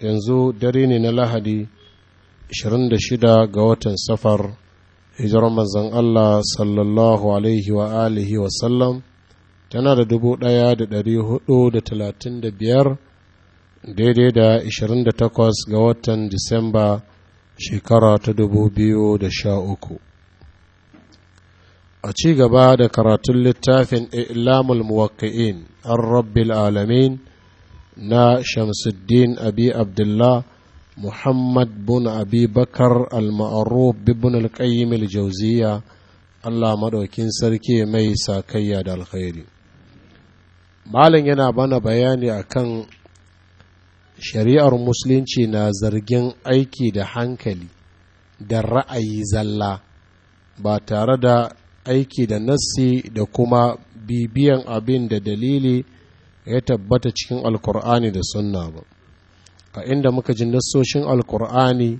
yanzu dare ne na lahadi 26 ga watan safar hijirar manzan Allah sallallahu alaihi wa alihi wa sallam tana da 1435 daidai da 28 ga watan disamba shekara ta 2013 a ci gaba da karatun littafin ilamul muwakka'in an rabbil alamin na shamsuddin abi abdullah muhammad bin abi bakar al-ma'aruf bin al-qayyim al-jawziya allah maɗaukin sarki mai sakayya da alkhairi malam yana bana bayani akan shari'ar musulunci na zargin aiki da hankali da ra'ayi zalla ba tare da aiki da nassi da kuma bibiyan abin da dalili ya tabbata cikin alkur'ani da sunna ba a inda muka ji nassoshin alkur'ani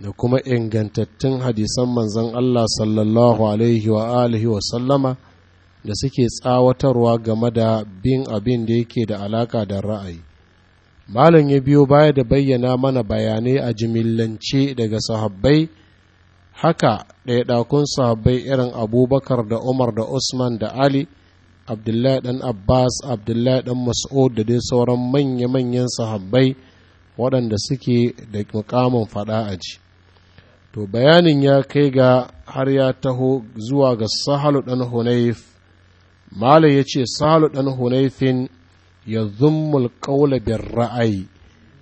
da kuma ingantattun hadisan manzan Allah sallallahu alaihi wa alihi wa sallama da suke tsawatarwa game da bin abin da yake da alaka da ra'ayi malam ya biyo baya da bayyana mana bayanai a jimillance daga sahabbai haka ɗaiɗakun sahabbai irin abubakar da umar da usman da ali abdullahi dan abbas abdullahi dan mas'ud da dai sauran manya-manyan sahabbai waɗanda suke da mukamin faɗa a ji to bayanin ya kai ga har ya taho zuwa ga sahalu ɗan hunayf mala ya ce sahalu ɗan hunayfin ya zummul ƙaula bin ra'ayi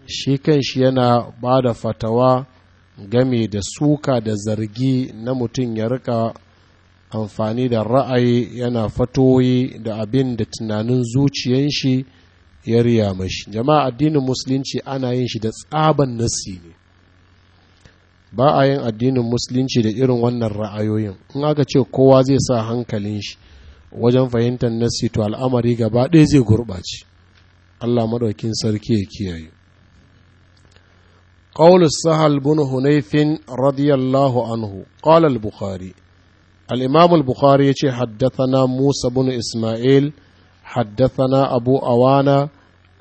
shi kan shi yana ba da fatawa game da suka da zargi na mutum ya rika amfani da ra'ayi yana fatoyi da abin da tunanin zuciyan shi ya riya mashi jama'a addinin musulunci ana yin shi da tsaban nassi ne ba a yin addinin musulunci da irin wannan ra'ayoyin in aka ce kowa zai sa hankalin shi wajen fahimtar nassi to al'amari gaba ɗaya zai gurɓace allah maɗaukin sarki ya kiyaye قول sahal بن هنيف رضي anhu ƙalal قال الإمام البخاري حدثنا موسى بن إسماعيل حدثنا أبو أوانا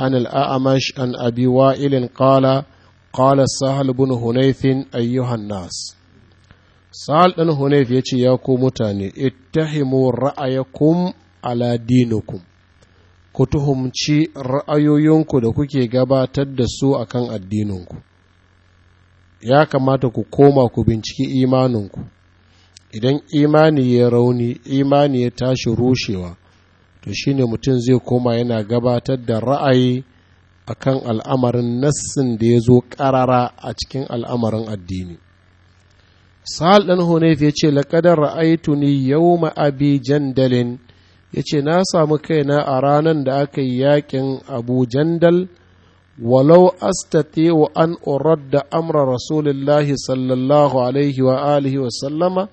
عن الأأمش عن أبي وائل قال قال سهل بن هنيف أيها الناس سهل بن هنيف يتي ياكو متاني اتهموا رأيكم على دينكم كتهم tuhumci رأيو ينكو kuke gabatar da su akan addininku ya kamata ku koma ku binciki imaninku idan imani ya rauni imani ya tashi rushewa to shine mutum zai koma yana gabatar da ra'ayi akan al'amarin nassin da ya zo karara a cikin al'amarin addini sahal ɗan hunayf ya ce laƙadar ra'aitu ni yau abi jandalin ya ce na samu kaina a ranar da aka yi yaƙin abu jandal walau astati wa an urar da amra rasulullahi sallallahu alaihi wa alihi wa sallama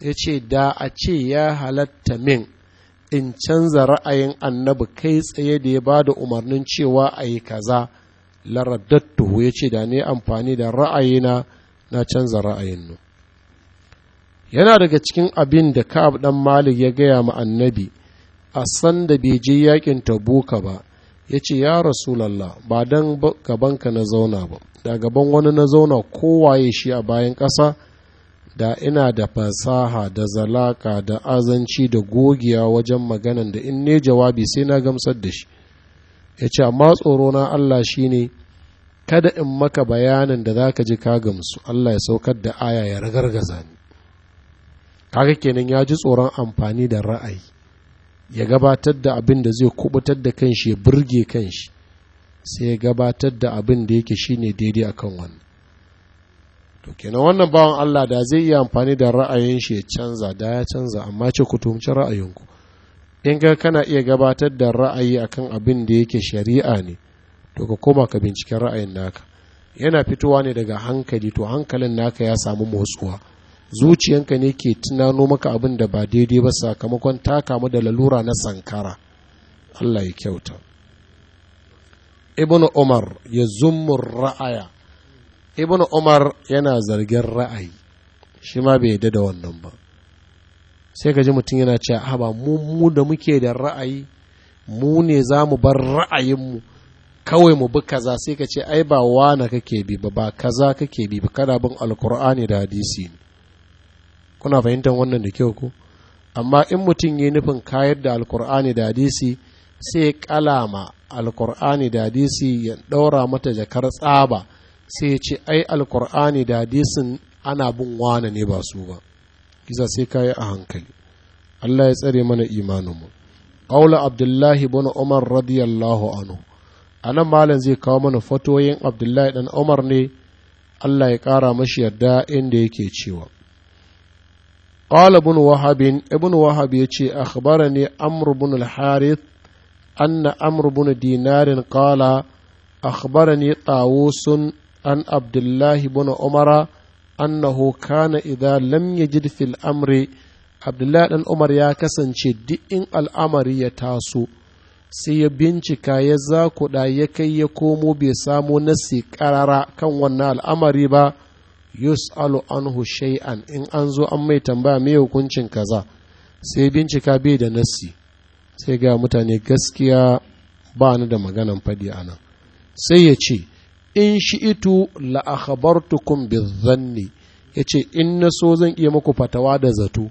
ya ce da a ce ya halatta min in canza ra'ayin annabi kai tsaye da ya ba da umarnin cewa a yi kaza laraddattuhu ya ce da ne amfani da ra'ayina na canza ra'ayin nu yana daga cikin abin da ka'ab dan malik ya gaya ma annabi a san da bai je yakin tabuka ba ya ce ya rasulallah ba don gabanka na zauna ba da gaban wani na zauna kowaye shi a bayan ƙasa da ina da fasaha da zalaka da azanci da gogiya wajen maganan da in ne jawabi sai na gamsar da shi ya ce amma tsoro na Allah shi ne kada in maka bayanin da za ka ji ka gamsu Allah ya saukar da aya ya ragargaza ni kaga kenan ya ji tsoron amfani da ra'ayi ya gabatar da abin da zai kubutar da kanshi ya burge kanshi sai ya gabatar da abin da yake shine daidai akan wannan to kenan wannan bawan Allah da zai iya amfani da ra'ayin shi ya canza da ya canza amma ce ku tumci ra'ayinku in ga kana iya gabatar da ra'ayi akan abin da yake shari'a ne to ka koma ka binciken ra'ayin naka yana fitowa ne daga hankali to hankalin naka ya samu motsuwa zuciyanka ne ke tunano maka abin da ba daidai ba sakamakon ta kamu da lalura na sankara Allah ya kyauta ibnu umar ya zummun ra'aya ibn umar yana zargin ra'ayi shi ma bai yadda da wannan ba sai ka ji mutum yana cewa a ba mu mu da muke da ra'ayi mu ne za mu bar ra'ayinmu kawai mu bi kaza sai ka ce ai ba wana kake bi ba ba kaza kake bi ba kana bin alkur'ani da hadisi ne kuna fahimtar wannan da kyau ko amma in mutum yi nufin kayar da alkur'ani da hadisi sai kalama alkur'ani da hadisi ya ɗaura mata jakar tsaba sai ce ai alkur'ani da hadisin ana bin wane ne ba su ba kisa sai ka yi a hankali Allah ya tsare mana imaninmu ƙaula abdullahi bin umar radiyallahu anhu a nan malam zai kawo mana fatoyin abdullahi dan umar ne Allah ya ƙara mashi yarda inda yake cewa قال ابن وهب ابن وهب يجي أخبرني أمر بن الحارث dinarin أمر بن دينار قال أخبرني طاووس an abdullahi bin umara annahu kana idza lam yajid fil amri abdullahi dan umar ya kasance duk in al'amari ya taso sai ya bincika ya zakuɗa ya kai ya komo bai samo nasi karara kan wannan al'amari ba yus'alu anhu shay'an in an zo an mai tambaya mai hukuncin kaza sai bincika bai da nasi sai ga mutane gaskiya bani da maganan faɗi anan sai ya ce in shi'itu la akhbartukum Ya ce, in na so zan iya muku fatawa da zato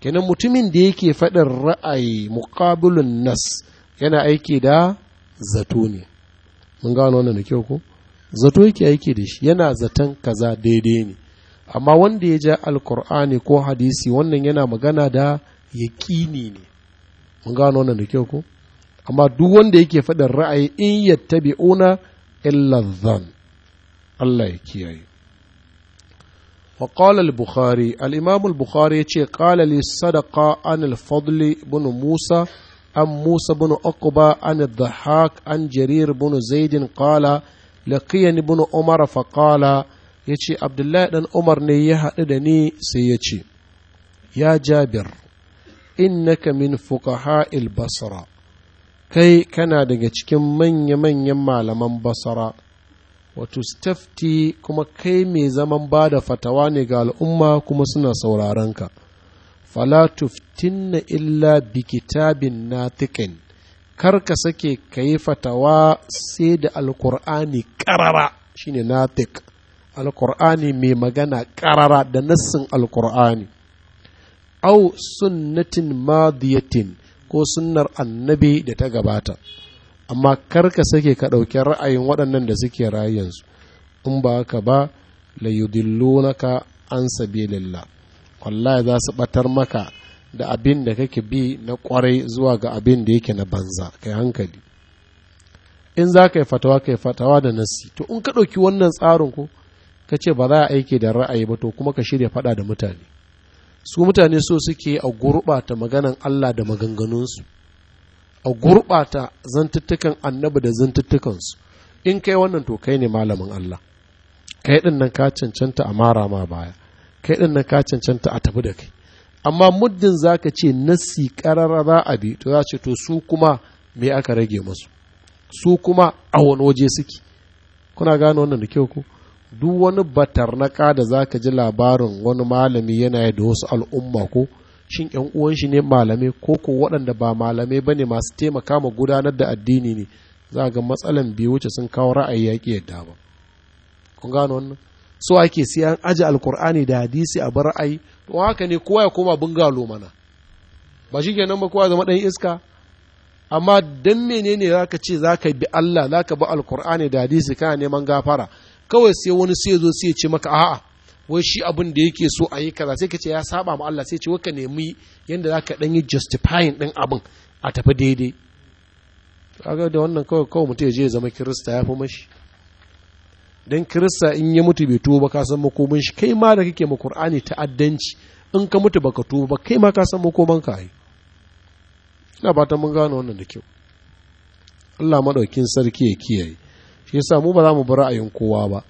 kenan mutumin da yake faɗin ra'ayi mukabulun nas yana aiki da zato ne mun gano wannan da kyau ko zato yake aiki da shi yana zaton kaza daidai ne amma wanda ya ja alkur'ani ko hadisi wannan yana magana da yaƙini ne mun gano wannan da kyau ko amma duk wanda yake faɗin ra'ayi in yattabi'una illa zan Allah ya kiyaye wa bukhari al bukhari yace ce ƙalali sadaka an alfadli fadl musa an musa ibn uqba an ad an jarir ibn zaidin qala laqiyan ibn umar fa ya yace abdullahi ɗan umar ne ya haɗu da ni sai yace ya jabir innaka min fuka basra kai kana daga cikin manya-manyan malaman basara wato stafti kuma kai mai zaman ba da fatawa ne ga al'umma kuma suna sauraron ka fala tuftinna illa bi kitabin natiqin kar ka sake ka yi fatawa sai da alkur'ani karara shine natiq alkur'ani mai magana karara da nassin alkur'ani au sunnatin madiyatin ko sunnar annabi da ta gabata amma karka sake ka ɗauki ra'ayin waɗannan da suke rayansu in ba ka ba layudillunaka an sabilillah wallahi za su ɓatar maka da abin da kake bi na kwarai zuwa ga abin da yake na banza kai hankali in za ka yi fatawa ka yi fatawa da nasi to in ka ɗauki wannan tsarin ko ka ce ba za a aiki da ra'ayi ba to kuma ka shirya faɗa da mutane su mutane so suke a gurɓata maganan Allah da maganganunsu a gurɓata zantuttukan annabi da zantuttukansu in kai wannan to kai ne malamin Allah kai din nan ka cancanta a mara ma baya kai din nan ka cancanta a tafi da kai amma muddin zaka ce nasi a bi to za ce to su kuma me aka rage musu su kuma a wani waje suke kuna gane wannan da kyau ko duk wani batarnaka da za ka ji labarin wani malami yana da wasu al'umma ko shin ‘yan uwan shi ne malamai ko ko waɗanda ba malamai ba ne masu taimaka ma gudanar da addini ne za ga matsalan biyu wuce sun kawo ra'ayi yaƙi yadda ba kun gano wannan so ake siya an aji alkur'ani da hadisi a bar ra'ayi to haka ne kowa ya koma bungalo mana ba shi kenan ba kowa zama ɗan iska amma dan menene ka ce zaka bi Allah zaka bi alkur'ani da hadisi kana neman gafara kawai sai wani sai zo sai ce maka a'a wai shi abin da yake so a yi kaza sai ka ce ya saba ma Allah sai ce waka nemi yanda za ka ɗan yi justifying ɗin abin a tafi daidai kaga da wannan kawai kawai mutum ya je ya zama kirista ya fi mashi Don kirista in ya mutu bai tuba ka san makomin shi kai ma da kake ma qur'ani ta'addanci in ka mutu baka tuba ba kai ma ka san makoman ka yi. ina fatan mun gano wannan da kyau Allah madaukin sarki ya kiyaye shi yasa mu ba za mu bi ra'ayin kowa ba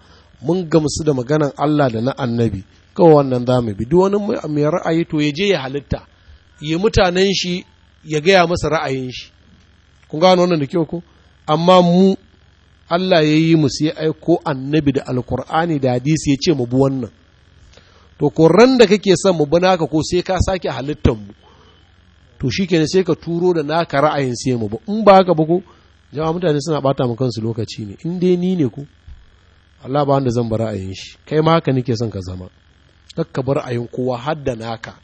mun gamsu da maganan Allah da na annabi kawai wannan za mu bi duk wani mai ra'ayi to ya je ya halitta ya mutanen shi ya gaya masa ra'ayin shi kun gano wannan da kyau ko amma mu Allah ya yi mu sai aiko annabi da alkur'ani da hadisi ya ce mu bi wannan to koran da kake son mu bi naka ko sai ka sake halittar mu to shikenan sai ka turo da naka ra'ayin sai mu ba in ba haka ba ko jama'a mutane suna bata mu kansu lokaci ne in dai ni ne ku Allah ba wanda zan bar ra'ayin shi kai ma haka nake son ka zama kakka bar ra'ayin kowa har da naka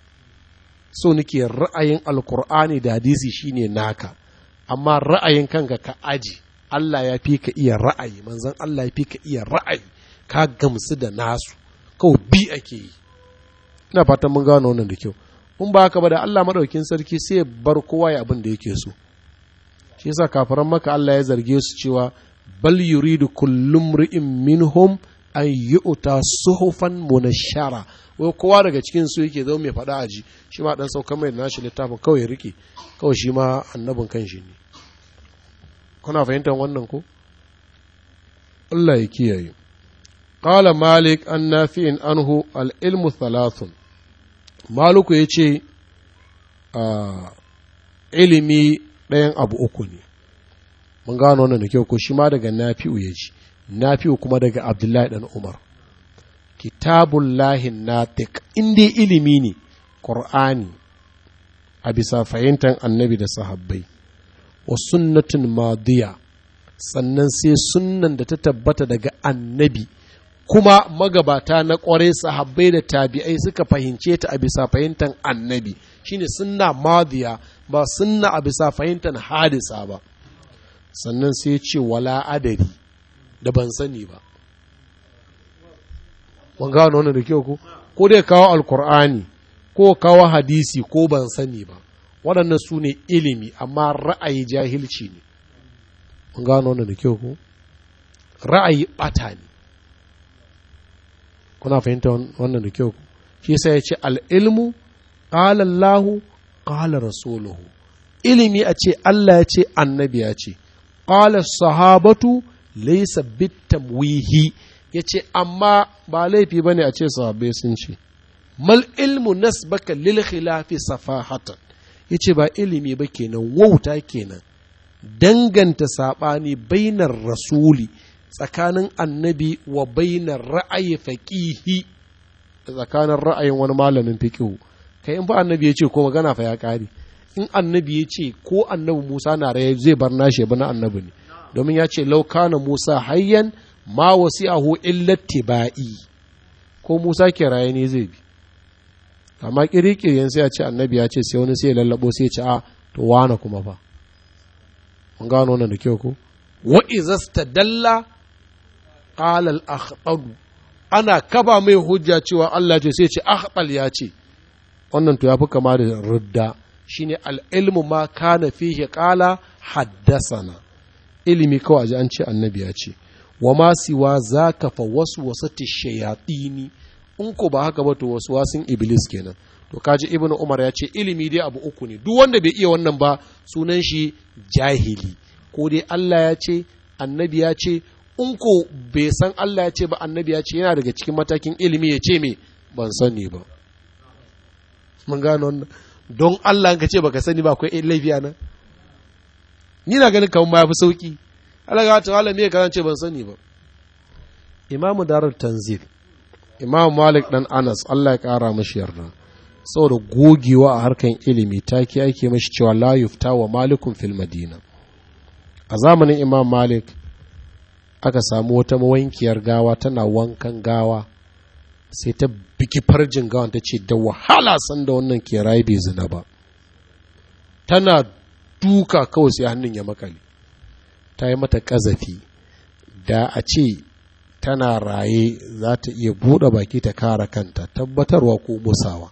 so nake ra'ayin alkur'ani da hadisi shine naka amma ra'ayin kanka ka aji Allah ya fi ka iya ra'ayi manzon Allah ya fi ka iya ra'ayi ka gamsu da nasu kawai bi ake yi ina fatan mun gano wannan da kyau in ba haka ba da Allah madaukin sarki sai bar kowa ya abin da yake so shi yasa kafaran maka Allah ya zarge su cewa bal yuridu kullum ri'in minhum an yu'ta suhufan munashara wai kowa daga cikin su yake zama mai fada aji shi ma dan saukar mai nashi littafin kawai rike kawai shi ma annabin kan shi ne kuna fahimtar wannan ko Allah ya kiyaye qala malik an nafi'in anhu al ilmu thalathun maluku yace a ah, ilimi ɗayan abu uku ne mun gano wannan da kyau ko shi ma daga nafi'u ya ji nafi'u kuma daga abdullahi dan umar kitabun na natiq inda ilimi ne ƙur'ani a bisa fahimtar annabi da sahabbai wa sunnatin madiya sannan sai sunnan da ta tabbata daga annabi kuma magabata na ƙwarai sahabbai da tabi'ai suka fahimce ta a bisa fahimtar annabi shine sunna madiya ba sunna a bisa fahimtar hadisa ba sannan sai ce wala adari da ban sani ba ban gano wani da kyau ko ko dai kawo alkur'ani ko kawo hadisi ko ban sani ba waɗannan su ne ilimi amma ra'ayi jahilci ne ban gano wani da kyau ko ra'ayi ɓata ne kuna fahimta wannan da kyau shi sai ya ce al'ilmu ƙalallahu qala rasuluhu ilimi a ce Allah ya ce annabi ya ce qala sahabatu laysa bitamwihi yace amma ba laifi bane a ce sahabbai sun ce mal ilmu nasbaka lil khilafi safahatan yace ba ilimi ba kenan wauta kenan danganta saɓani bainar rasuli tsakanin annabi wa bainar ra'ayi faƙihi tsakanin ra'ayin wani malamin fiƙihu kai in fa annabi ya ce ko magana fa ya kare in annabi ya ce ko annabi Musa na raye zai bar nashi ba na annabi ne domin ya ce laukana Musa hayyan ma wasi'ahu illa ba'i ko Musa ke raye ne zai bi amma kirikiriyan sai ya ce annabi ya ce sai wani sai ya lallabo sai ya ce a to wana kuma fa mun gano nan da kyau ko wa dalla qala al ana kaba mai hujja cewa Allah ce sai ce akhbal ya ce wannan to ya fi kama da rudda shine al'ilmu ma kana kala haddasa na. ilimi kawai ji an ce annabi ya ce wa ma siwa ka fa wasu wasati ni? in ko ba haka ba to wasu iblis kenan to kaji ibnu umar ya ce ilimi dai abu uku ne duk wanda bai iya wannan ba sunan shi jahili ko dai Allah ya ce annabi ya ce in ko bai san Allah ya ce ba annabi ya ce yana daga cikin matakin ilimi ya ce me ban sani ba mun gano wannan don Allah ka ce baka sani ba akwai laifi nan ni na ganin kamar ma yafi sauki Allah ga ta wala me ka ce ban sani ba Imam Darul Tanzil Imam Malik dan Anas Allah ya kara mashi yarda saboda gogewa a harkan ilimi take ake mashi cewa la yufta wa malikun fil madina a zamanin Imam Malik aka samu wata mawankiyar gawa tana wankan gawa sai ta biki farjin gawan ta ce da wahala sanda wannan ke rayu bai zina ba tana duka kawai sai hannun ya makale ta yi mata ƙazafi da a ce tana raye za ta iya buɗe baki ta kara kanta tabbatarwa ko musawa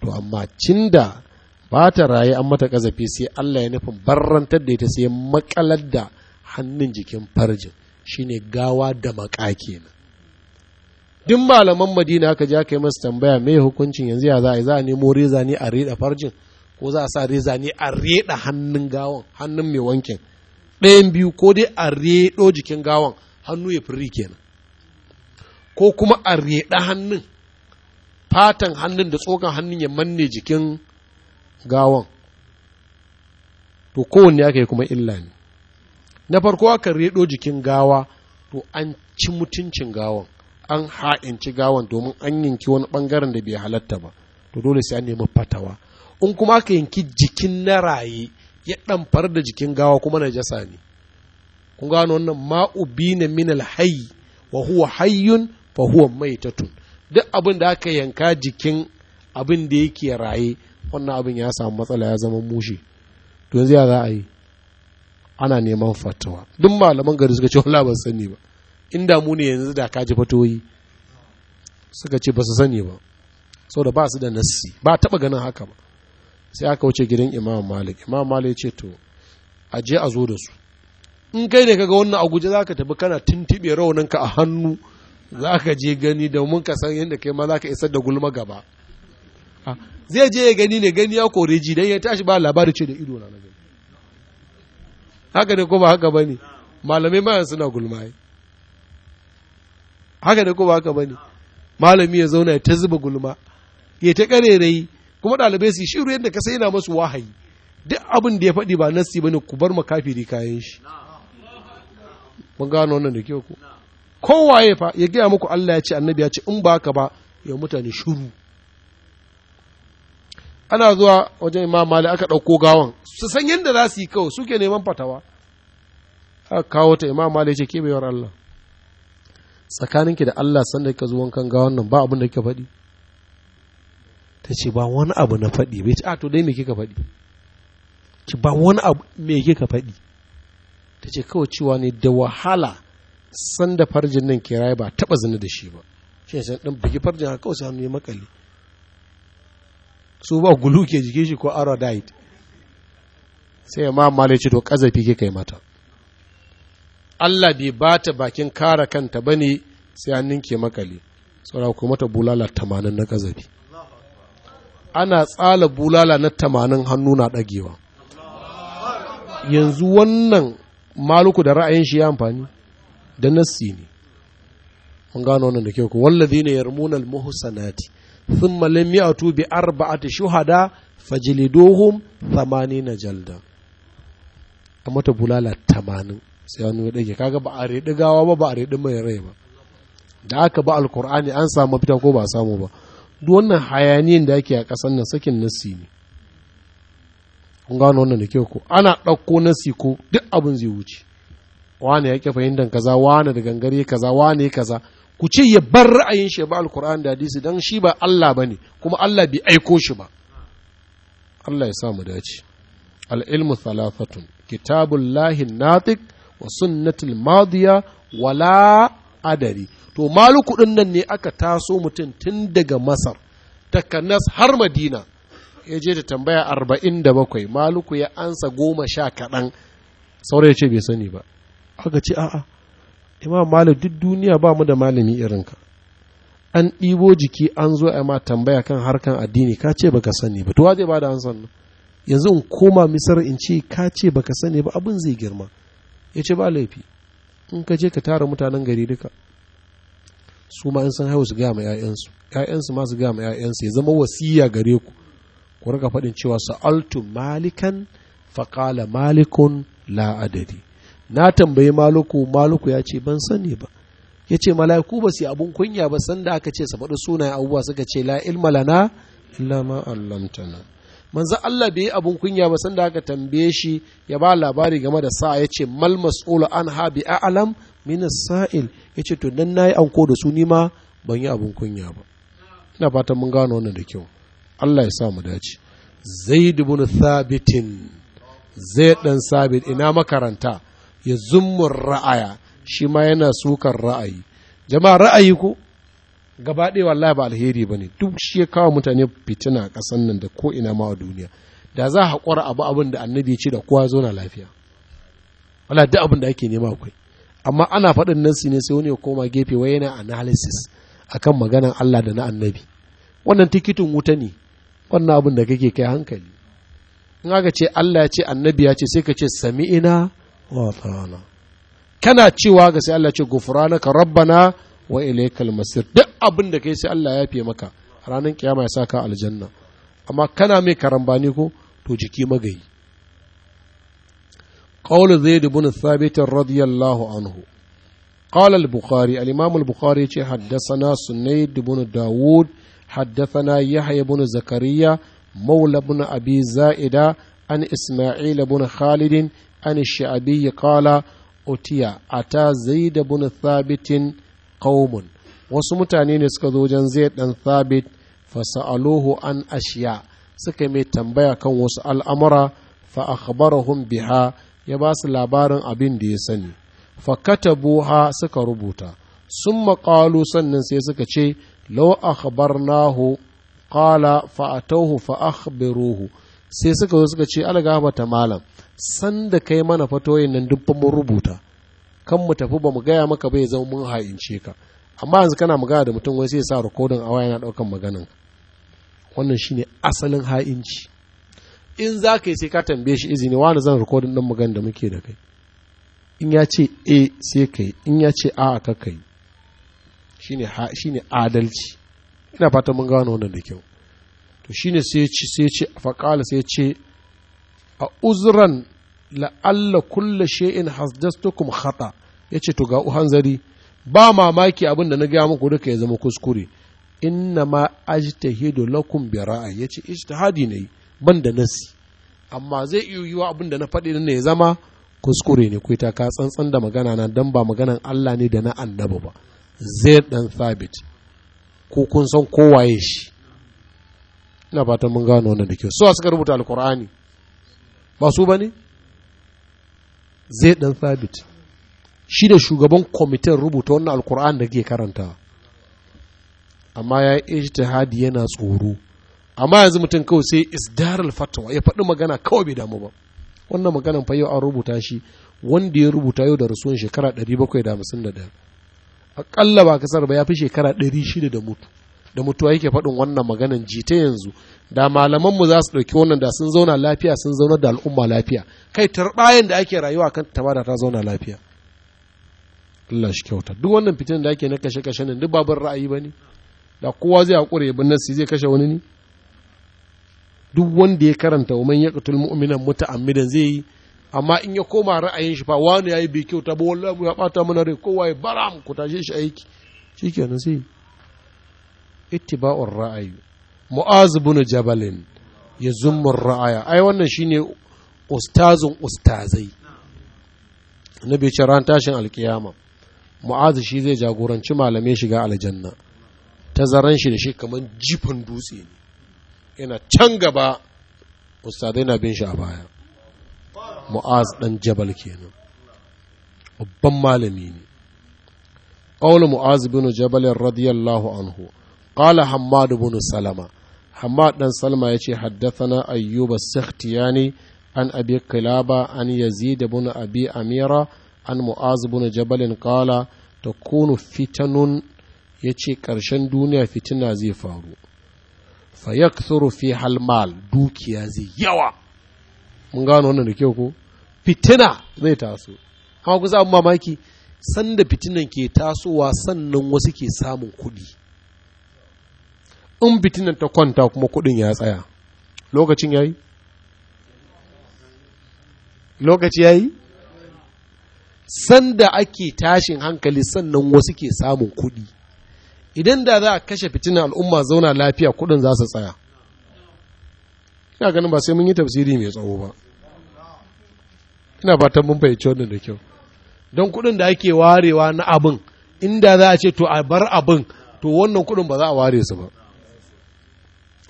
to amma cin da ba ta raye an mata ƙazafi sai Allah ya nufin barrantar da ita sai makalar da hannun jikin farjin shine gawa da maƙa kenan duk malaman madina aka ja kai masu tambaya mai hukuncin yanzu ya za a yi za a nemo reza ne a reda farjin ko za a sa reza ne a reda hannun gawan hannun mai wankin ɗayan biyu ko dai a redo jikin gawan hannu ya firi kenan ko kuma a reda hannun fatan hannun da tsokan hannun ya manne jikin gawan to kowanne aka yi kuma illa ne na farko aka redo jikin gawa to an ci mutuncin gawan an ha'inci gawan domin an yanki wani bangaren da bai halatta ba to dole sai an nemi fatawa in kuma aka yanki jikin na raye ya da jikin gawa kuma na jasa ne kun gano wannan ma'ubi na minal hayi wa huwa hayyun fa huwa maitatun duk abin da aka yanka jikin abin da yake raye wannan abin ya samu matsala ya zama mushi to yanzu ya za a yi ana neman fatawa duk malaman gari suka ce wallahi ban sani ba inda mu ne yanzu da kaji fatoyi suka ce ba su sani ba saboda ba su da nassi ba taba ganin haka ba sai aka wuce gidan imam malik imam malik ce to a je a zo da su in kai ne kaga wannan a guje zaka tafi kana tuntube rauninka a hannu zaka je gani domin ka san yadda kai ma zaka isar da gulma gaba ah, zai je ya gani ne gani ya kore ji dan ya tashi ba labari ce da ido na haka ne ko ba haka bane malamai ma suna gulma haka da ko ba bane malami ya zauna ya ta zuba gulma ya ta karerai kuma ɗalibai su shiru yadda ka sai yana masu wahayi duk abin da ya faɗi ba nasi bane ku bar makafiri kayan shi mun gano wannan da kyau ku kowaye fa ya gaya muku Allah ya ce annabi ya ce in ba ka ba ya mutane shuru ana zuwa wajen imam mali aka ɗauko gawan su san yadda za su yi kawai suke neman fatawa aka kawo ta imam mali ya ce kebewar Allah tsakaninki da Allah sanda kika zo wankan ga wannan ba abin da kika faɗi ta ce ba wani abu na faɗi bai ce a to dai me kika faɗi ki ba wani abu me kika faɗi ta ce kawai cewa ne da wahala sanda farjin nan raya ba taɓa zina da shi ba shi ne sai ɗan bigi farjin haka kawai sai hannu ya makale su ba gulu ke jikin shi ko aradite sai ya ma male ce to kazafi kika yi mata Allah bai ba ta bakin kare kanta ba ne sai an ninke makale tsara kuma ta bulala tamanin na ƙazafi ana tsala bulala na tamanin hannu na ɗagewa yanzu wannan maluku da ra'ayin shi ya amfani da nassi ne an gano wannan da kyau ku wallazi ne yarmunal muhsanati thumma lam ya'tu bi arba'ati shuhada fajliduhum 80 jalda a mata bulala tamanin sai hannu ya ɗage kaga ba a reɗi gawa ba ba a reɗi mai rai ba da aka ba alkur'ani an samu fita ko ba samu ba duk wannan hayaniyin da ake a ƙasar nan sakin nasi ne kun gano wannan da kyau ko ana ɗauko nasi ko duk abin zai wuce wane ya ƙi fahimtar kaza wane da gangare kaza wane kaza ku ce ya bar ra'ayin shi ba alkur'ani da hadisi don shi ba Allah ba ne kuma Allah bai aiko shi ba Allah ya samu dace al-ilmu thalathatun kitabullahi natiq wa sunnatul madiya wala adari to maluku din nan ne aka taso mutum tun daga masar takanas har madina ya je da tambaya arba'in da bakwai maluku ya ansa goma sha kaɗan saurayi ce bai sani ba aka ce a'a imam malu duk duniya ba mu da malami irinka an ɗibo jiki an zo a ma tambaya kan harkan addini ka ce baka sani ba to zai ba da ansan yanzu in koma misar in ce ka ce baka sani ba abin zai girma ya ce ba laifi in ka je ka tara mutanen gari duka su ma in san haihu su gaya ma 'ya'yansu 'ya'yansu ma su gaya 'ya'yansu ya zama wasiya gare ku ku rika faɗin cewa sa'altu malikan faƙala malikun la’adadi na tambayi maluku maluku ya ce ban sani ba ya ce mala'iku ba su abun kunya ba sanda aka ce su faɗi sunayen abubuwa suka ce la ilma lana illa ma allamtana manzo Allah bai yi abun kunya ba sanda aka tambaye shi ya ba labari game da sa'a yace mal mas'ulu an ha bi a'lam min sa'il yace to dan nayi anko da su nima ban yi abun kunya ba ina fatan mun gano wannan da kyau Allah ya sa mu dace zaid ibn thabit zaid dan sabit ina makaranta ya zummun ra'aya shi ma yana sukar ra'ayi jama'a ra'ayi ko gaba ɗaya wallahi ba alheri ba ne duk shi ya kawo mutane fitina a ƙasan nan da koina ma a duniya da za a haƙura abu abin da annabi ya ce da kowa zo na lafiya wala duk abin da ake nema akwai amma ana faɗin nasi ne sai wani ya koma gefe wai yana analysis akan maganan Allah da na annabi wannan tikitin wuta ne wannan abin da kake kai hankali in aka ce Allah ya ce annabi ya ce sai ka ce sami'ina wa ta'ala kana cewa ga sai Allah ya ce gufranaka rabbana wa ilaikal masir duk abin da kai sai Allah ya fiye maka ranar kiyama ya sa saka aljanna amma kana mai karambani ko to jiki magayi qawl zaid ibn thabit radiyallahu anhu قال البخاري الإمام البخاري حدثنا سنيد بن داود حدثنا يحيى بن زكريا مولى بن أبي زائدة عن إسماعيل بن خالد عن الشعبي قال أتي أتى زيد بن ثابت qaumun wasu mutane ne suka zo wajen zai dan thabit fasa'aluhu an ashiya suka mai tambaya kan wasu al'amura fa akhbarahum biha ya ba su labarin abin da ya sani fa katabuha suka rubuta sun maƙalu sannan sai suka ce lau akhbarnahu qala fa atauhu fa akhbiruhu sai suka zo suka ce algaba ta malam sanda kai mana fatoyin nan duk mun rubuta kan mu tafi ba mu gaya maka bai zama mun ha'ince ka amma yanzu kana magana da mutum wai sai sa rikodin a waya ɗaukan maganan wannan shine asalin ha'inci in za ka yi sai ka tambaye shi izini wani zan rikodin ɗin magan da muke da kai in ya ce a sai ka yi in ya ce a ka ka yi shine adalci ina fatan mun gano wannan da kyau to shine sai ce sai ce sai ce a uzran la'alla kulla shay'in hasdastukum khata ya ce to ga zari ba mamaki abin da na gaya muku duka ya zama kuskure inna ma ajtahidu lakum bi ra'ayi yace ijtihadi ne ban da nasi amma zai iya yiwa abin da na faɗi ne ya zama kuskure ne ku ta ka tsantsan da magana na dan ba maganan Allah ne da na annabi ba zai dan sabit ko kun san kowaye shi ina fatan mun gano wannan da kyau so suka rubuta alqur'ani ba su bane zai dan sabit shi da shugaban kwamitin rubuta wannan alkur'an da ke karanta amma ya yi ijtihadi yana tsoro amma yanzu mutum kawai sai isdar alfatawa ya faɗi magana kawai bai damu ba wannan maganan fa yau an rubuta shi wanda ya rubuta yau da rasuwan shekara 751 akalla ba kasar ba ya fi shekara 600 da mutu da mutuwa yake faɗin wannan maganan jita yanzu da malamanmu za su ɗauki wannan da sun zauna lafiya sun zauna da al'umma lafiya kai turɓayan da ake rayuwa kan tabada ta zauna lafiya Allah shi kyauta duk wannan fitin da ake na kashe-kashe nan duk babin ra'ayi ba ne da kowa zai haƙura ya nasi zai kashe wani ne duk wanda ya karanta wa man yaqtul mu'mina muta'ammidan zai yi amma in ya koma ra'ayin shi fa wani yayi bai kyauta ba wallahi ya bata mana rai kowa ya baram ku tashi shi aiki shikenan sai ittiba'ur ra'ayi mu'az ibn jabalin yazummu ra'aya ai wannan shine ustazun ustazai nabi ya ce ran tashin alkiyama mu'azu shi zai jagoranci malamai shiga aljanna ta zaran shi da shi kamar jifin dutse ne yana can gaba ustazai na bin shi a baya mu'azu dan jabal kenan babban malami ne qawl mu'azu bin jabalin radiyallahu anhu ƙala hammad bin salama hammad dan salma haddasa na ayyuba sakhtiyani an abi kilaba an da bin abi amira an mu'az na jabalin ta takunu fitanun yace ƙarshen duniya fitina zai faru fa yakthuru fi halmal dukiya zai yawa mun gano wannan da kyau ko fitina zai taso amma kusa abin mamaki sanda fitinan ke tasowa sannan wasu ke samun kuɗi in fitinan ta kwanta kuma kuɗin ya tsaya lokacin yayi lokaci sanda ake tashin hankali sannan wasu ke samun kuɗi idan da za a kashe fitina al'umma zauna lafiya kuɗin za su tsaya ina ganin ba sai mun yi tafsiri mai tsawo ba ina fatan mun fahimci wannan da kyau don kuɗin da ake warewa na abin inda za a ce to a bar abin to wannan kuɗin ba za a ware su ba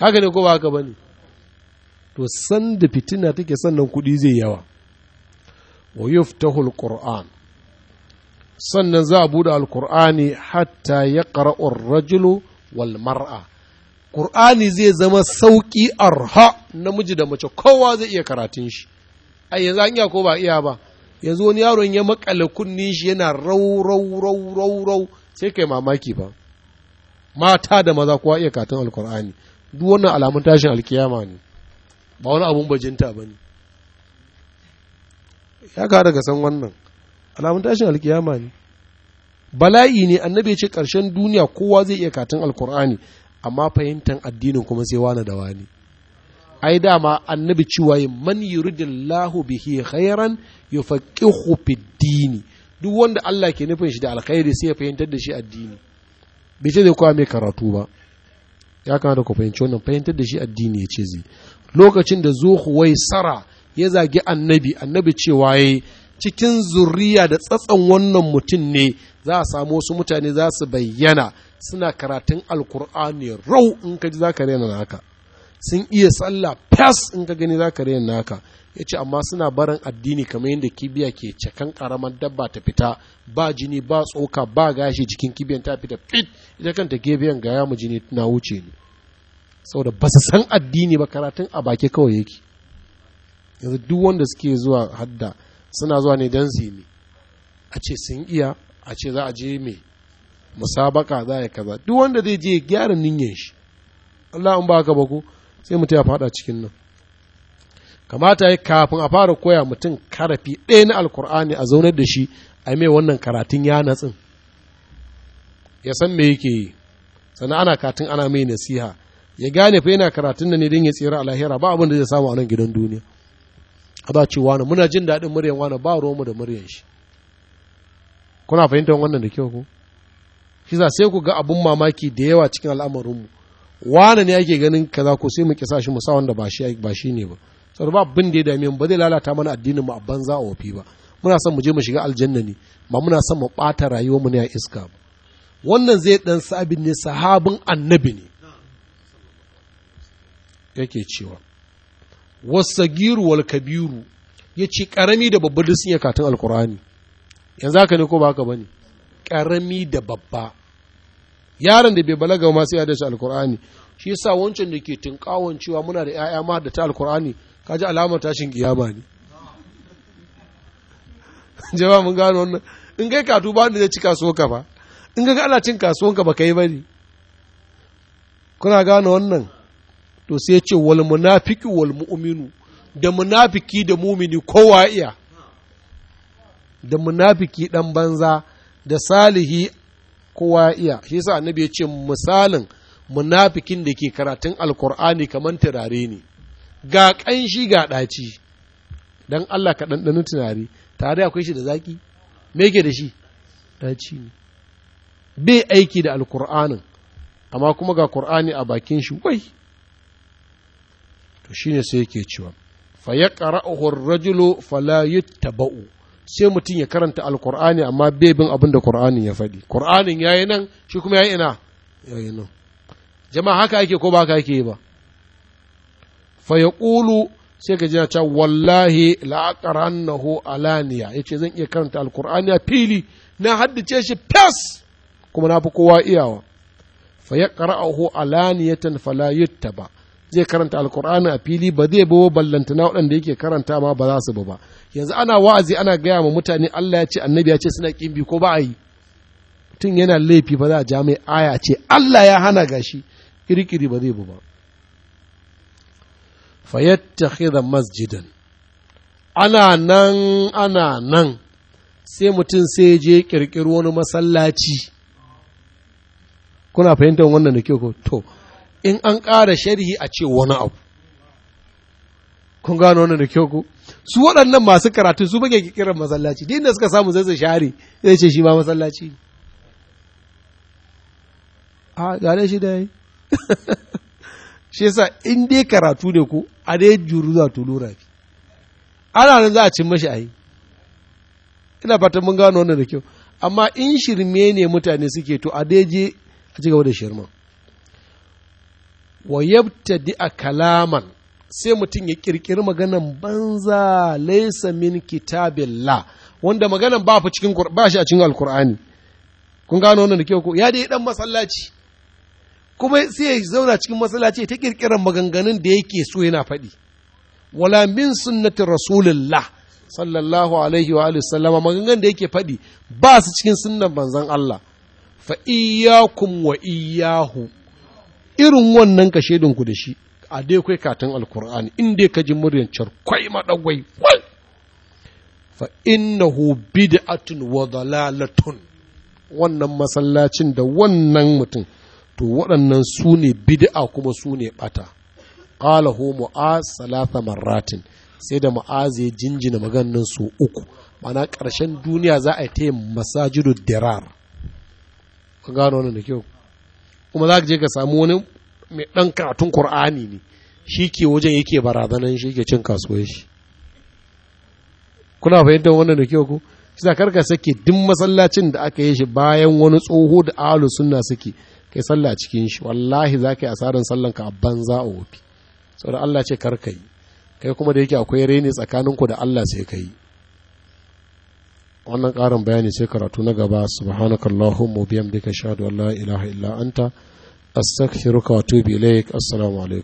haka ne ko ba haka ba ne to sanda fitina take sannan kuɗi zai yawa wa yuftahu alquran sannan za a buɗe Al-Qur'ani hatta ya ar-rajulu wal mar'a qur'ani zai zama sauƙi arha namiji da mace kowa zai iya karatun shi a yanzu an iya ko ba iya ba yanzu wani yaron ya maƙale kunni shi yana rau sai kai mamaki ba mata da maza kowa iya karatun alkur'ani duk wannan alamun tashin alkiyama ne ba wani abun bajinta ba ne ya ka daga san wannan alamun tashin alkiyama ne bala'i ne annabi ya ce karshen duniya kowa zai iya katin alkur'ani amma fahimtar addinin kuma sai wani da wani ai dama annabi cewa man yuridillahu bihi ya yufaqihu fid dini duk wanda Allah ke nufin shi da alkhairi sai ya fahimtar da shi addini bai ce zai kowa mai karatu ba ya kamata ku fahimci wannan fahimtar da shi addini ya ce zai lokacin da wai sara ya zagi annabi annabi cewa ya cikin zuriya da tsatson wannan mutum ne za a samu wasu mutane za su bayyana suna karatun alkur'ani rau in ka ji za ka rena naka sun iya sallah fas in ka gani za ka rena naka ya ce amma suna barin addini kamar yadda kibiya ke cakan karamar dabba ta fita ba jini ba tsoka ba gashi jikin kibiyan ta fita fit ita kanta gebiyan ga yamu jini na wuce ne saboda ba su san addini ba karatun a baki kawai yake yanzu duk wanda suke zuwa hadda suna zuwa ne don su a ce sun iya a ce za a je mai musabaka za a yi kaza duk wanda zai je gyara ninyan shi Allah ba ka ba sai mutum ya fada cikin nan kamata ya kafin a fara koya mutum karafi ɗaya na alkur'ani a zaunar da shi a mai wannan karatun ya natsin ya san me yake yi sannan ana katin ana mai nasiha ya gane fa yana karatun nan ne don ya tsira a lahira ba abin da zai samu a nan gidan duniya a za ce wani muna jin daɗin muryan wani ba ruwanmu da muryan shi kuna fahimtar wannan da kyau ko shi za sai ku ga abun mamaki da yawa cikin al'amarinmu wani ne ake ganin kaza ko sai mu kisa shi mu sa wanda ba shi ne ba saboda ba abin da ya dame ba zai lalata mana addinin mu a banza a wafi ba muna son mu je mu shiga aljanna ne ba muna son mu ɓata rayuwar mu ne a iska ba wannan zai dan sabin ne sahabin annabi ne yake cewa wasagiru wal kabiru ya ce ƙarami da babba duk sun iya katin alkur'ani yanzu haka ne ko ba haka ba ne ƙarami da babba yaron da bai balaga ma sai ya dace alkur'ani shi yasa wancan da ke tunkawon cewa muna da 'ya'ya ma da ta alkur'ani kaji alamar tashin kiyama ne jama'a mun gano wannan in kai katu ba da zai ci kasuwar ka ba in ga ana cin kasuwar ka ba kai bane kuna gano wannan to sai ya ce wal munafiki wal mu'minu da munafiki da mumini kowa iya da munafiki dan banza da salihi kowa iya shi yasa annabi ya ce misalin munafikin da ke karatun alkur'ani kamar turare ne ga shi ga daci don Allah ka ɗanɗanin tunari tare akwai shi da zaƙi me yake da shi daci ne bai aiki da alkur'anin amma kuma ga kur'ani a bakin shi wai to shine sai yake cewa fa ya ar-rajulu fala yuttaba'u sai mutum ya karanta alqur'ani amma bai bin abin da qur'anin ya faɗi qur'anin yayi nan shi kuma yayi ina yayi nan jama'a haka ake ko ba haka ake ba fa yaqulu sai ka jina cewa wallahi la'aqarannahu alaniya yace zan iya karanta alqur'ani a fili na haddace shi fas kuma na fi kowa iyawa fa ya alaniyatan fala yuttaba zai karanta alkur'ani a fili ba zai bawo ballantana waɗanda yake karanta ma ba za su ba yanzu ana wa'azi ana gaya ma mutane Allah ya ce annabi ya ce suna kimbi ko ba a yi tun yana laifi ba za a ja mai aya ce Allah ya hana gashi kirkiri ba zai bu ba da masjidan ana nan ana nan sai mutum sai je kirkiri wani masallaci kuna fahimtar wannan da kyau to in an ƙara sharhi a ce wani abu kun gano wannan da kyau ku su waɗannan masu karatu su bage kiran masallaci din da suka samu zai zai share zai ce shi ma masallaci a gane shi dai shi yasa in dai karatu ne ku? a dai juru za tu lura fi ana nan za a cin mashi ayi ina fatan mun gano wannan da kyau amma in shirme ne mutane suke to a dai je a ci gaba da shirman wa yabtadi a kalaman sai mutum ya kirkiri maganan banza laisa min kitabillah wanda maganan ba fi cikin ba shi a cikin alkur'ani kun gano wannan da ke ko ya dai dan masallaci kuma sai ya zauna cikin masallaci ta kirkiran maganganun da yake so yana faɗi wala min sunnati rasulillah sallallahu alaihi wa alihi sallama maganganun da yake faɗi ba su cikin sunnan manzon Allah fa iyyakum wa irin wannan ka ku da shi a dai kai katin alkur'ani in dai ka ji muryan charkwai madagwai wai fa innahu bid'atun wa dalalatun wannan masallacin da wannan mutum to waɗannan su ne bid'a kuma su ne ɓata qala hu mu'az salasa marratin sai da mu'az ya jinjina maganin su uku mana ƙarshen duniya za a yi ta yin masajidu dirar ka gano wannan da kyau kuma za ka je ka samu wani mai ɗan karatun Kur'ani ne shi ke wajen yake barazanan shi ke cin kasuwar shi kuna fahimtar wannan da kyau ku shi za karka sake duk masallacin da aka yi shi bayan wani tsoho da alu sunna suke kai sallah cikin shi wallahi za ka yi asarar sallan ka a banza a wofi saboda Allah ce karka yi kai kuma da yake akwai raini tsakanin ku da Allah sai ka yi wannan ƙarin bayani sai karatu na gaba subhanakallahumma kallahu shahadu an la ilaha illa anta astaghfiruka wa atubu ilaik assalamu alaikum